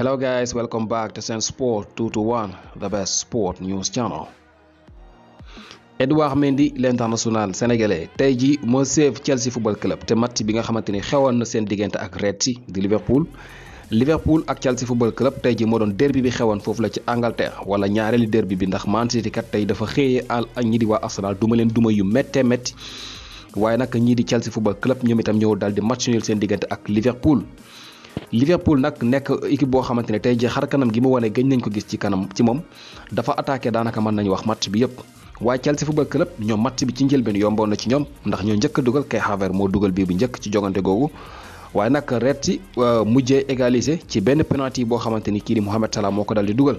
Hello guys, welcome back to Sen Sport 221, the best sport news channel. Edouard Mendy l'international sénégalais tey ji moo save Chelsea football club te match bi nga xamante ni xewoon na seen diggante ak Red Sea di Liverpool. Liverpool ak Chelsea football club tey ji moo doon derby bi xewoon foofu la ci Angleterre wala ñaareelu derby bi ndax Man City kat tey dafa xëyee al ak ñi di waa Arsenal duma leen duma yu méttee métti waaye nag ñii di Chelsea football club ñoom itam ñëw daal di match seen diggante ak Liverpool. Liverpool nag nekk équipe boo xamante ne tey jii xar kanam gi mu wane gëj nañ ko gis ci kanam ci moom dafa attaqué daanaka mën nañu wax match bi yëpp. waaye Chelsea Football Club ñoom match bi ci njëlbeen yomboon na ci ñoom ndax ñoo njëkk a dugal Kai Havertz moo dugal bii bu njëkk ci jogante googu waaye nag Red si euh, mujjee égaliser ci benn penalty boo xamante ni kii di Mohamed Salah moo ko dal di dugal.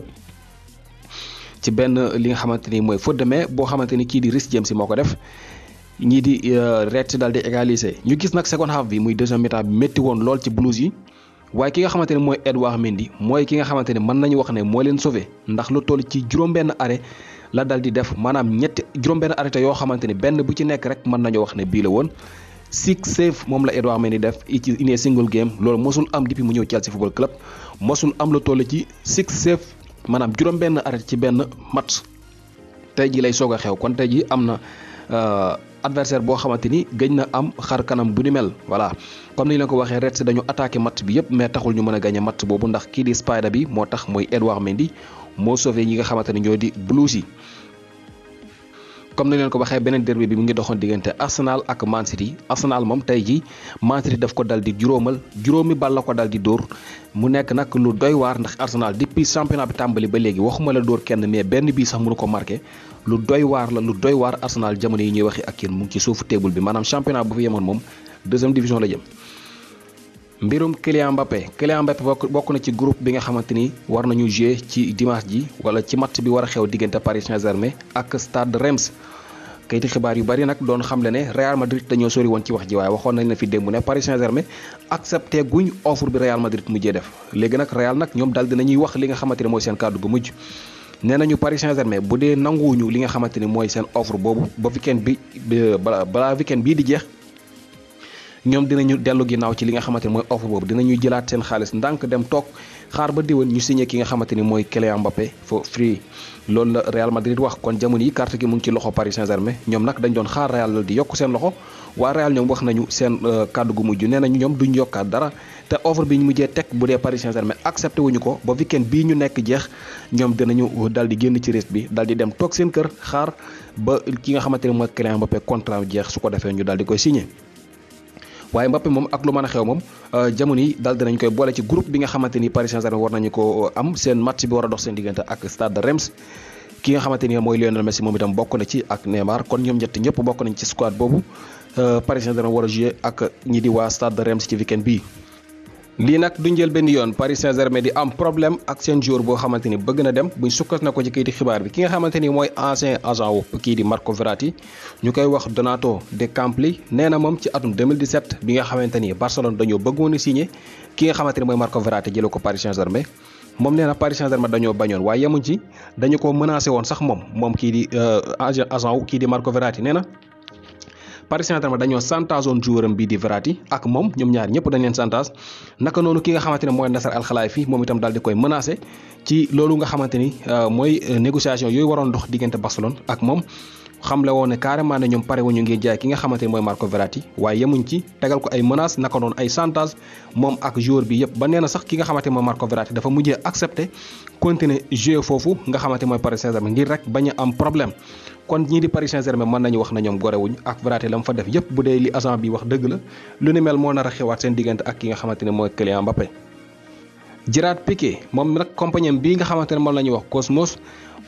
ci benn li nga xamante ni mooy faute de main boo xamante ni kii di Reece James moo ko def ñii di euh, Red si daal di égaliser ñu gis nag second half bi muy deuxième mi bi métti lool ci Blues yi waaye ki nga xamante ne mooy Edouard Mendy mooy ki nga xamante ne mën nañu wax ne moo leen sauvé ndax lu toll ci juróom-benn arrêt la dal di def maanaam ñetti juróom-benn arrêté yoo xamante ne benn bu ci nekk rek mën nañoo wax ne bii la woon six save moom la Edouard Mendy def ci in a single game loolu mosul am di depuis mu ñëw Chelsea football club mosul am lu toll ci six save maanaam juróom-benn arrêté ci benn mat tey ji lay soog a xew kon tey ji am na. Euh, adversaire boo xamante ni gëj na am xar kanam bu ni mel voilà comme ni ñu leen ko waxee Reds dañu attaqué match bi yëpp mais taxul ñu mën a gagné match boobu ndax kii di Spider bi moo tax mooy Edouard Mendy moo sauvé ñi nga xamante ni ñoo di Blues comme ni leen ko waxe benen derby bi mu ngi doxone diggante Arsenal ak Man City Arsenal mom tay ji Man City daf ko daldi juromal juromi ball la ko daldi di mu nek nak lu doy war ndax Arsenal depuis championnat bi tambali ba légui waxuma la dóor kenn mais benn bi sax mënu ko marqué lu doy war la lu doy war Arsenal jamono yi ñuy waxi ak yeen mu ngi ci sofu table bi manam championnat bu fi yemon mom deuxième division la jëm. mbirum Kylian Mbappé Kylian Mbappé bokku na ci groupe bi nga xamanteni war nañu jouer ci dimanche ji wala ci match bi wara xew digënté Paris Saint-Germain ak Stade Reims kayiti xibaar yu bari nag doon xamle ne Real Madrid dañoo sori woon ci wax ji waaye waxoon nañ la fi démb ne Paris Saint-Germain accepté guñ bi Real Madrid mujjee def léegi nag Real nag ñoom daal dinañuy wax li nga xamante ne mooy seen kàddu gu mujj nee nañu Paris Saint-Germain bu dee ñu li nga xamante ni mooy seen offre boobu ba weekend bi balaa weekend bii di jeex ñoom dinañu dellu gi naaw ci li nga xamante mooy offre boobu dinañuy jëlaat seen xaalis ndànk dem toog xaar ba diwan ñu signé ki nga xamante ni mooy Kylian Mbappé for loolu la Real Madrid wax kon jamono yi carte gi mu ngi ci loxo Paris saint ñoom nag dañ doon xaar Real di yokk seen loxo waa Real ñoom nañu seen euh, kàddu gu mujj nee nañu ñoom duñ yokkaat dara te offre bi ñu mujjee teg bu dee Paris Saint-Germain accepté wuñu ko ba weekend bii ñu nekk jeex ñoom dinañu dal di génn ci risque bi dal di dem toog seen kër xaar ba ki nga xamante ni mooy Kylian Mbappé contrat jeex su ko defee ñu dal di koy signé waaye Mbappé moom ak lu mën a xew moom euh, jamono yi daal dinañ koy boole ci groupe bi nga xamante ni Paris Saint-Germain war nañu ko euh, am seen match bi war a dox seen diggante ak Stade de Reims ki nga xamante ni mooy Lionel Messi moom itam bokk na ci ak Neymar kon ñoom ñett ñëpp bokk nañ ci squad boobu euh, Paris Saint-Germain war a jouer ak ñi di waa Stade de Reims ci weekend bii. lii nag du jël benn yoon Paris Saint-Germain di am problème ak seen joueur boo xamante ni bëgg na dem buñ sukkas na ko ci kayiti xibaar bi ki nga xamante ni mooy ancien agent wu kii di Marco Verratti ñu koy wax Donato De Campli nee na moom ci atum 2017 bi nga xamante ni Barcelone dañoo bëggoon a signé ki nga xamante ni mooy Marco Verratti jële ko Paris Saint-Germain moom nee na Paris Saint-Germain dañoo bañoon waaye yemuñ ci dañu ko menacé woon sax moom moom kii di euh, agent wu kii di Marco Verratti nee na. Paris Saint-Germain dañoo chantage woon joueur am bii di Verratti ak moom ñoom ñaar ñëpp dañ leen chantage naka noonu ki nga xamante ne mooy Nasser Al Khelaifi moom itam daal di koy menacé ci loolu nga xamante euh, mooy euh, négociation yooyu waroon dox diggante Barcelone ak moom. xamle woon ne carrément ne ñoom pare wuñu ngir jaay ki nga xamante ne mooy Marco Verratti waaye yemuñ ci tegal ko ay menaces naka noonu ay chantage moom ak joueur bi yëpp ba nee na sax ki nga xamante ne mooy Marco Verratti dafa mujjee accepté continuer jouer foofu nga xamante mooy Paris Saint-Germain ngir rek bañ a am problème. kon ñii di Paris saint mën nañu wax na ñoom gorewuñ ak Verratti la mu fa def yépp bu dee li agent bi wax dëgg la lu ni mel moo nar a xewaat seen diggante ak ki nga xamante ne mooy Kylian Mbappé jiraat Piqué moom nag compagnie bii nga xamante ne moom la ñuy wax Cosmos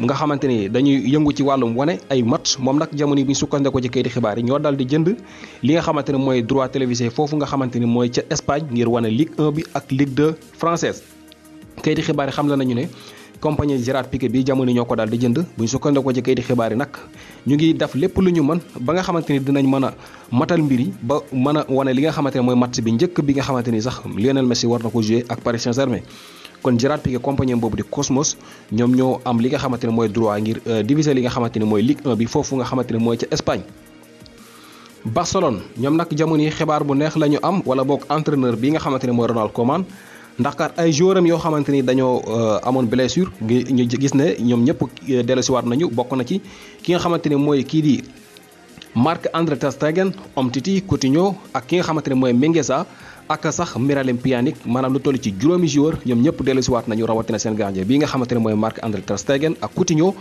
nga xamante ni dañuy yëngu ci wàllum wane ay match moom nag jamono yi bu ñu ci kayiti xibaar yi ñoo dal di jënd li nga xamante ne mooy droit télévisé foofu nga xamante ni mooy ca Espagne ngir wane Ligue 1 bi ak Ligue de française kayiti xibaar yi xam la nañu ne compagnie Gérard Piqué bi jamono ñoo ko daal di jënd bu ñu sukkandikoo ci kayiti xibaar yi nag ñu ngi def lépp lu ñu mën ba nga xamante ni dinañ mën a matal mbir yi ba mën a wane li nga xamante ne mooy match bi njëkk bi nga xamante ni sax Lionel Messi war na ko jouer ak Paris Saint-Germain kon Gérard Piqué compagnie boobu di Cosmos ñoom ñoo am li nga xamante ne mooy droit ngir euh, diviser li nga xamante ni mooy Ligue bi foofu nga xamante ne mooy ca Espagne. Barcelone ñoom nag jamono yi xibaar bu neex la ñu am wala boog entraîneur bi nga xamante ne mooy Ronald Koeman ndax kat ay joueur yoo xamante ni dañoo euh, amoon blessure ñu gis ne ñoom ñëpp euh, dellusiwaat nañu bokk na ci ki nga xamante ne mooy kii di Marc-André Ter Stegen Umtiti Coutinho ak ki nga xamante ne mooy Mingueza ak sax Miralem Pjanic maanaam lu toll ci juróomi joueur ñoom ñëpp dellusiwaat nañu rawatina seen gardien bii nga xamante mooy Marc-André ter ak Coutinho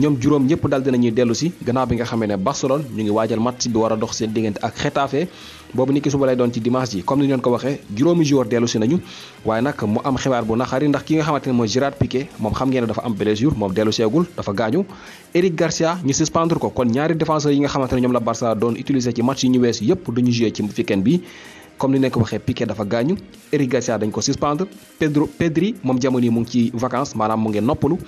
ñoom juróom ñëpp daal dinañuy dellu si gannaaw bi nga xamee Barcelone ñu ngi waajal match bi war dox seen diggante ak Getafe boobu ni suba lay doon ci dimanche ji comme ni ñu ko waxee juróomi joueur dellu nañu waaye nag mu am xibaar bu naqari ndax ki nga xamante mooy Gérard Piqué comme ni ñu ko waxee Piqué dafa gaañu Eric Garcia dañ ko suspendre Pedro Pedri moom jamono yi mu ngi ci vacances maanaam mu ngee noppalu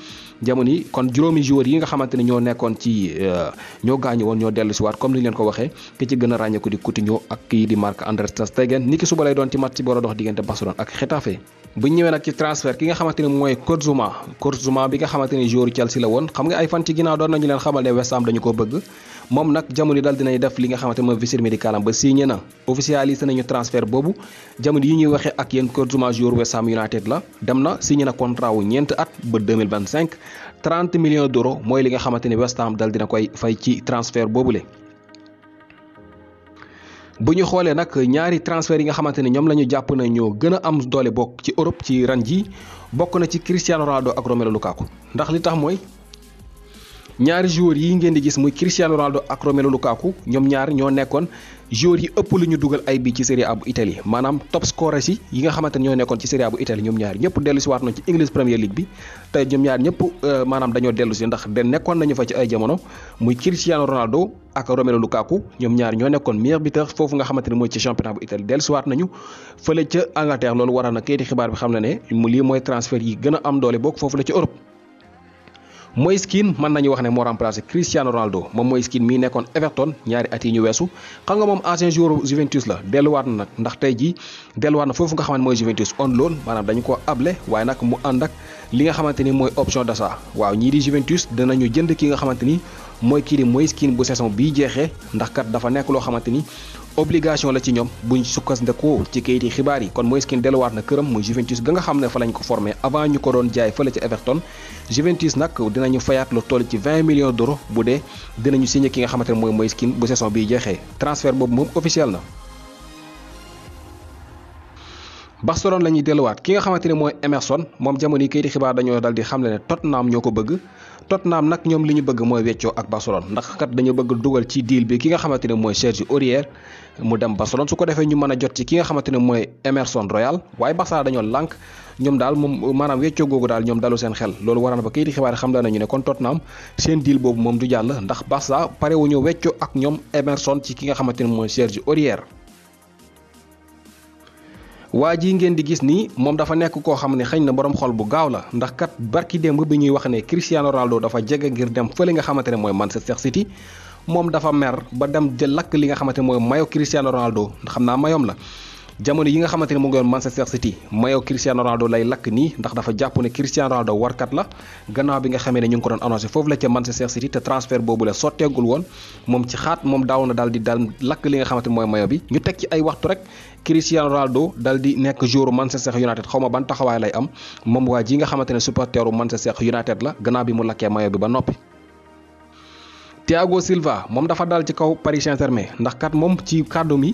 jamono yi kon juróomi joueurs yi nga xamante ne ñoo nekkoon ci euh, ñoo gaañu woon ñoo dellu waat comme ni ñu leen ko waxee ki ci gën a ràññeeku di Coutinho ak kii di Marc André Ter Stegen ni ki suba lay doon ci match bi war a dox diggante Barcelone ak Getafe bu nga xamante ne mooy Kurzuma Kurzuma bi nga xamante ne joueur Chelsea la woon xam nga ay fan ci ginnaaw doon nañu leen xamal ne West dañu ko bëgg moom nag jamono dal dinañ def li nga xamante ne mooy visite ba signé na officialisé nañu transfert boobu jamono yi ñuy trente million d'euros mooy li nga xamante ni West Ham dal dina koy fay ci boobu le bu ñu xoolee nag ñaari transfert yi nga xamante ne ñoom la ñu jàpp na ñoo gën am doole bokk ci Europe ci ran ji bokk na ci Cristiano Ronaldo ak Romelu Lukaku ndax li tax mooy ñaari joueurs yi ngeen di gis muy Cristiano Ronaldo ak Romelu Lukaku ñoom ñaar ñoo nekkoon jour yi ëpp lu ñu dugal ay bi ci Serie A bu Italie maanaam top scorer yi nga xamante ñoo nekkoon ci Serie A bu Italie ñoom ñaar ñëpp dellu si waat nañ ci ñaar euh, nañu fa ci ay jamono muy Cristiano Ronaldo ak Romelu Lukaku ñoom ñaar ñoo nekkoon meilleur buteur foofu nga xamante ne mooy ci championnat bu Italie dellu si waat nañu fële ca Angleterre loolu waral kayiti xibaar bi xam na ne lii mooy transfert yi gën a am doole bokk foofu la ci Europe Moise Kean mën nañu wax ne moo remplacé Cristiano Ronaldo moom Moise Kean mii nekkoon Everton ñaari at yi ñu weesu xam nga moom ancien joueur Juventus la delluwaat na nag ndax tey jii delluwaat na foofu nga xamante mooy Juventus on loan maanaam dañu ko able waaye nag mu ànd ak li nga xamante ni mooy option d'achat waaw ñii di Juventus dinañu jënd ki nga xamante ni mooy kii di Moise Kean bu saison bii jeexee ndax kat dafa nekk loo xamante ni obligation la ci ñoom buñ sukkandikoo ci kayiti xibaar yi kon Moise Kean delluwaat na këram muy Juventus ga nga xam ne fa lañ ko formé avant ñu ko doon jaay fële ca Everton Juventus nag dinañu fayaat lu toll ci 20 millions bu dee dinañu signé ki nga xamante ne mooy Moise Kean bu saison bii jeexee transfert boobu moom officiel na. Barcelone la ñuy delluwaat ki nga xamante ne mooy Emerson moom jamono yi kayiti xibaar dañoo dal di xamle ne Tottenham ñoo ko bëgg. Tottenham nag ñoom li ñu bëgg mooy weccoo ak Barcelone ndax kat dañu bëgg dugal ci deal bi ki nga xamante ne mooy Serge Aurier mu dem Barcelone su ko defee ñu mën a jot ci ki nga xamante ne mooy Emerson Royal waaye Barça dañoo lànk ñoom daal moom maanaam weccoo googu daal ñoom dalu seen xel loolu waral ba kayiti xibaar yi xam la nañu ne kon Tottenham seen deal boobu moom du jàll ndax Barça pare wu ñu weccoo ak ñoom Emerson ci ki nga xamante ne mooy Serge Aurier waa ji ngeen di gis nii moom dafa nekk koo xam ne xëy na borom xol bu gaaw la ndax kat barki démb bi ñuy wax ne Cristiano Ronaldo dafa jege ngir dem fële nga xamante ne mooy Manchester City moom dafa mer ba dem jël lakk li nga xamante ne mooy mayo Cristiano Ronaldo xam naa mayoom la. jamono yi nga xamante ne mu ngi woon Manchester City maillot Cristiano Ronaldo lay lakk nii ndax dafa jàpp ne Cristiano Ronaldo warkat la gannaaw bi nga xamee ne ñu ngi ko doon annoncé foofu la ca Manchester City te transfert boobu la sotteegul woon moom ci xaat moom daaw na daal di daal lakk li nga xamante ne mooy maillot bi ñu teg ci ay waxtu rek Cristiano Ronaldo daal di nekk joueur Manchester United xaw ma ban taxawaay lay am moom waa ji nga xamante ne supporteru Manchester United la gannaaw bi mu lakkee maillot bi ba noppi Thiago Silva moom dafa dal ci kaw Paris Saint-Germain ndax kat moom ci kàddu mi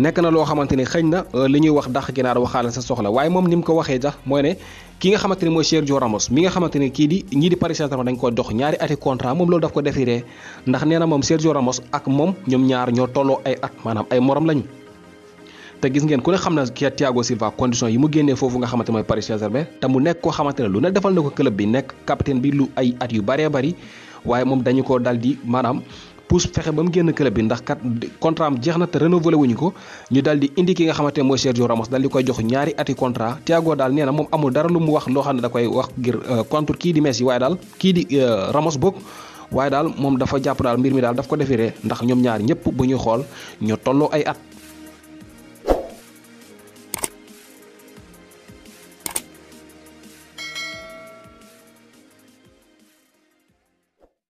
nekk na loo xamante ni xëñ na euh, li ñuy wax dàq ginaar waxaale sa soxla waaye moom ni mu ko waxee sax mooy ne ki nga xamante ni mooy Sergio Ramos mi nga xamante ni kii di ñii di Paris Saint-Germain dañ ko dox ñaari ati contrat moom loolu daf ko défiré ndax nee na moom Sergio Ramos ak moom ñoom ñaar ñoo tolloo ay at maanaam ay morom lañu. te gis ngeen ku ne xam na kii Thiago Silva condition yi mu génnee foofu nga xamante mooy Paris Saint-Germain te koo xamante ne lu ne defal na ko club bi nekk capitaine bi lu ay at yu baree bari waaye moom dañu ko dal di maanaam pousse fexe ba mu génn club bi ndax kat contrat am jeex na te renouvelé wuñu ko ñu daal indi ki nga xamante ne mooy Sergio Ramos daal koy jox ñaari ati contrat Thiago daal nee na moom amul dara lu mu wax loo xam ne da koy wax ngir euh, contre kii di Messi waaye daal kii di euh, Ramos bokk. waaye daal moom dafa jàpp daal mbir mi daal daf ko defiree ndax ñoom ñaari ñëpp bu ñuy xool ñu tolloo ay at